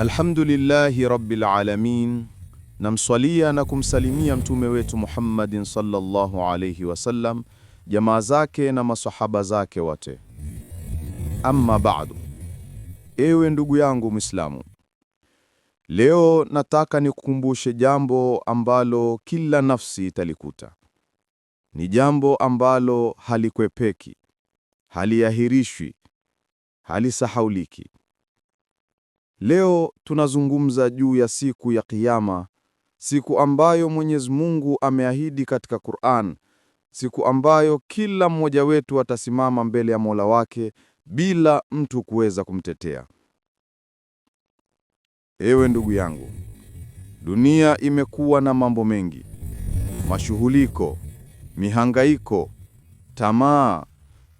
Alhamdulillahi rabbil alamin, namswalia na kumsalimia mtume wetu Muhammadin sallallahu alayhi wasallam, jamaa zake na masahaba zake wote. Amma ba'du, ewe ndugu yangu Mwislamu, leo nataka nikukumbushe jambo ambalo kila nafsi italikuta. Ni jambo ambalo halikwepeki, haliahirishwi, halisahauliki Leo tunazungumza juu ya siku ya Kiyama, siku ambayo Mwenyezi Mungu ameahidi katika Qur'an, siku ambayo kila mmoja wetu atasimama mbele ya Mola wake bila mtu kuweza kumtetea. Ewe ndugu yangu, dunia imekuwa na mambo mengi: mashughuliko, mihangaiko, tamaa,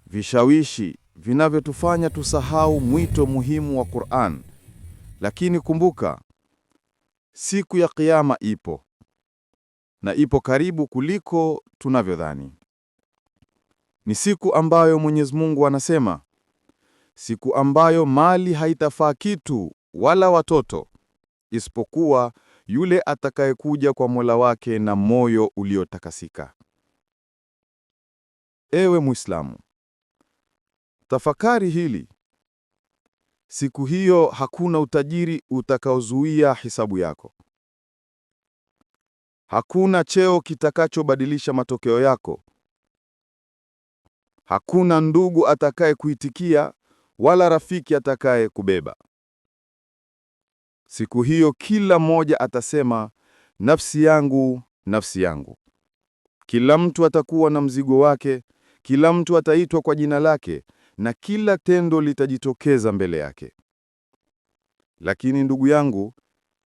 vishawishi vinavyotufanya tusahau mwito muhimu wa Qur'an. Lakini kumbuka, siku ya Kiyama ipo na ipo karibu kuliko tunavyodhani. Ni siku ambayo Mwenyezi Mungu anasema, siku ambayo mali haitafaa kitu wala watoto, isipokuwa yule atakayekuja kwa Mola wake na moyo uliotakasika. Ewe Muislamu, tafakari hili. Siku hiyo hakuna utajiri utakaozuia hisabu yako. Hakuna cheo kitakachobadilisha matokeo yako. Hakuna ndugu atakaye kuitikia wala rafiki atakaye kubeba Siku hiyo kila mmoja atasema, nafsi yangu, nafsi yangu. Kila mtu atakuwa na mzigo wake, kila mtu ataitwa kwa jina lake na kila tendo litajitokeza mbele yake. Lakini ndugu yangu,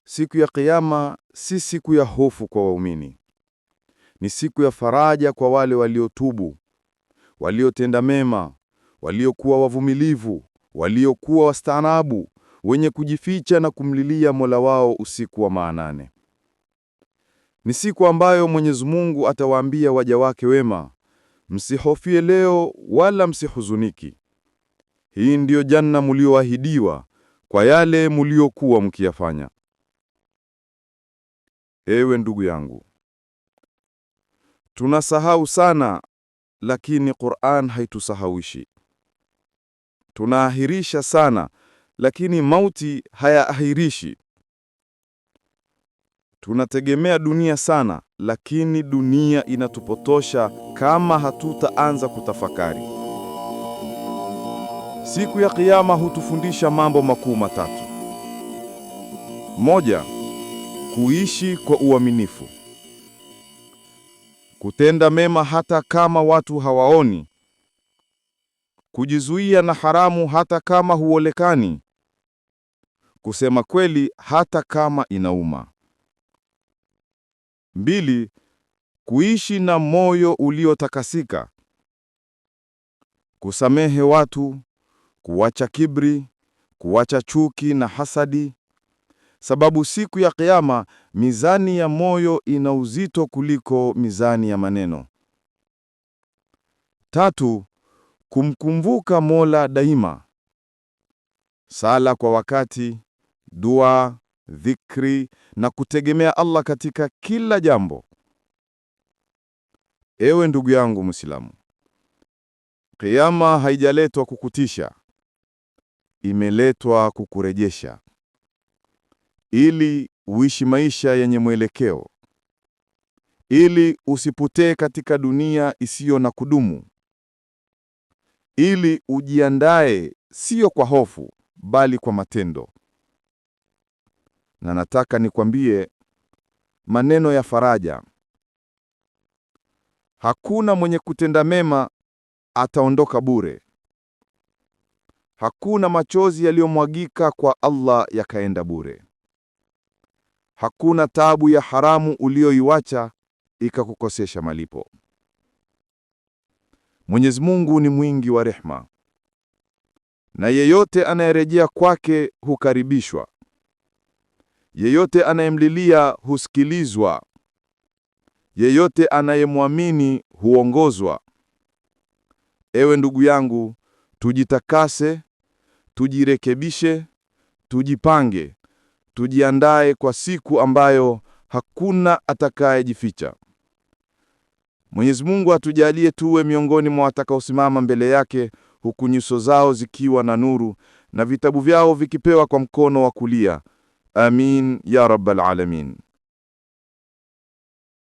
siku ya Kiyama si siku ya hofu kwa waumini, ni siku ya faraja kwa wale waliotubu, waliotenda mema, waliokuwa wavumilivu, waliokuwa wastaanabu, wenye kujificha na kumlilia Mola wao usiku wa maanane. Ni siku ambayo Mwenyezi Mungu atawaambia waja wake wema, msihofie leo wala msihuzuniki, hii ndiyo janna mulioahidiwa kwa yale muliokuwa mkiyafanya. Ewe ndugu yangu, tunasahau sana, lakini Qur'an haitusahawishi. Tunaahirisha sana, lakini mauti hayaahirishi. Tunategemea dunia sana, lakini dunia inatupotosha kama hatutaanza kutafakari. Siku ya Kiyama hutufundisha mambo makuu matatu. Moja, kuishi kwa uaminifu, kutenda mema hata kama watu hawaoni, kujizuia na haramu hata kama huolekani, kusema kweli hata kama inauma. Mbili, kuishi na moyo uliotakasika, kusamehe watu kuacha kibri, kuacha chuki na hasadi, sababu siku ya Kiyama mizani ya moyo ina uzito kuliko mizani ya maneno. Tatu, kumkumbuka Mola daima. Sala kwa wakati, dua, dhikri na kutegemea Allah katika kila jambo. Ewe ndugu yangu Muislamu, Kiyama haijaletwa kukutisha, imeletwa kukurejesha ili uishi maisha yenye mwelekeo, ili usipotee katika dunia isiyo na kudumu, ili ujiandae sio kwa hofu, bali kwa matendo. Na nataka nikwambie maneno ya faraja: hakuna mwenye kutenda mema ataondoka bure, Hakuna machozi yaliyomwagika kwa Allah yakaenda bure. Hakuna tabu ya haramu uliyoiwacha ikakukosesha malipo. Mwenyezi Mungu ni mwingi wa rehma, na yeyote anayerejea kwake hukaribishwa. Yeyote anayemlilia husikilizwa. Yeyote anayemwamini huongozwa. Ewe ndugu yangu, tujitakase tujirekebishe, tujipange, tujiandae kwa siku ambayo hakuna atakayejificha. Mwenyezi Mungu atujalie tuwe miongoni mwa watakaosimama mbele yake huku nyuso zao zikiwa na nuru na vitabu vyao vikipewa kwa mkono wa kulia. Amin ya rabbal alamin.